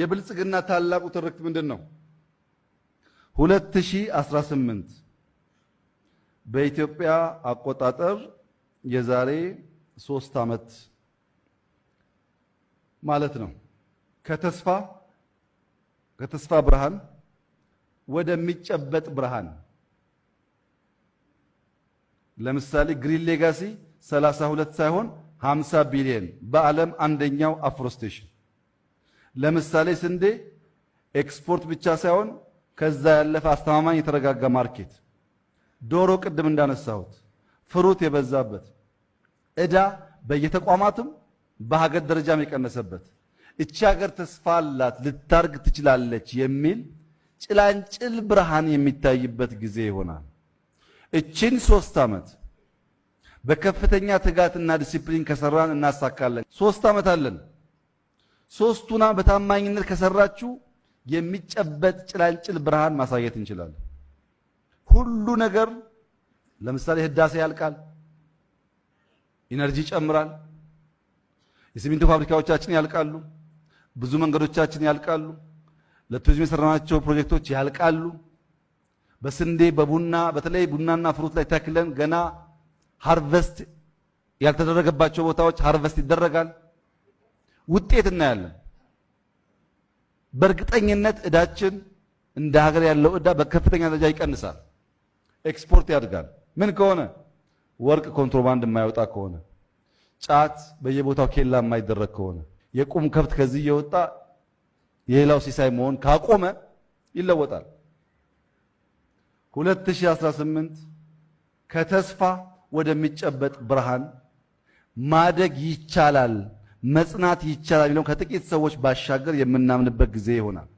የብልጽግና ታላቁ ትርክት ምንድን ነው? 2018 በኢትዮጵያ አቆጣጠር የዛሬ ሶስት ዓመት ማለት ነው። ከተስፋ ከተስፋ ብርሃን ወደሚጨበጥ ብርሃን ለምሳሌ ግሪን ሌጋሲ 32 ሳይሆን 50 ቢሊዮን በዓለም አንደኛው አፍሮ ስቴሽን ለምሳሌ ስንዴ ኤክስፖርት ብቻ ሳይሆን ከዛ ያለፈ አስተማማኝ የተረጋጋ ማርኬት፣ ዶሮ ቅድም እንዳነሳሁት ፍሩት የበዛበት እዳ በየተቋማትም በሀገር ደረጃም የቀነሰበት እቺ ሀገር ተስፋ አላት ልታርግ ትችላለች የሚል ጭላንጭል ብርሃን የሚታይበት ጊዜ ይሆናል። እቺን ሶስት ዓመት በከፍተኛ ትጋትና ዲሲፕሊን ከሰራን እናሳካለን። ሶስት ዓመት አለን። ሶስቱና በታማኝነት ከሰራችሁ የሚጨበጥ ጭላንጭል ብርሃን ማሳየት እንችላለን። ሁሉ ነገር ለምሳሌ ህዳሴ ያልቃል፣ ኢነርጂ ይጨምራል፣ የሲሚንቶ ፋብሪካዎቻችን ያልቃሉ፣ ብዙ መንገዶቻችን ያልቃሉ፣ ለቱሪዝም የሰራናቸው ፕሮጀክቶች ያልቃሉ። በስንዴ በቡና በተለይ ቡናና ፍሩት ላይ ተክለን ገና ሃርቨስት ያልተደረገባቸው ቦታዎች ሃርቨስት ይደረጋል። ውጤት እናያለን። በእርግጠኝነት እዳችን እንደ ሀገር ያለው እዳ በከፍተኛ ደረጃ ይቀንሳል። ኤክስፖርት ያድጋል። ምን ከሆነ ወርቅ ኮንትሮባንድ የማይወጣ ከሆነ፣ ጫት በየቦታው ኬላ የማይደረግ ከሆነ፣ የቁም ከብት ከዚህ እየወጣ የሌላው ሲሳይ መሆን ካቆመ ይለወጣል። 2018 ከተስፋ ወደሚጨበጥ ብርሃን ማደግ ይቻላል። መጽናት ይቻላል የሚለው ከጥቂት ሰዎች ባሻገር የምናምንበት ጊዜ ይሆናል።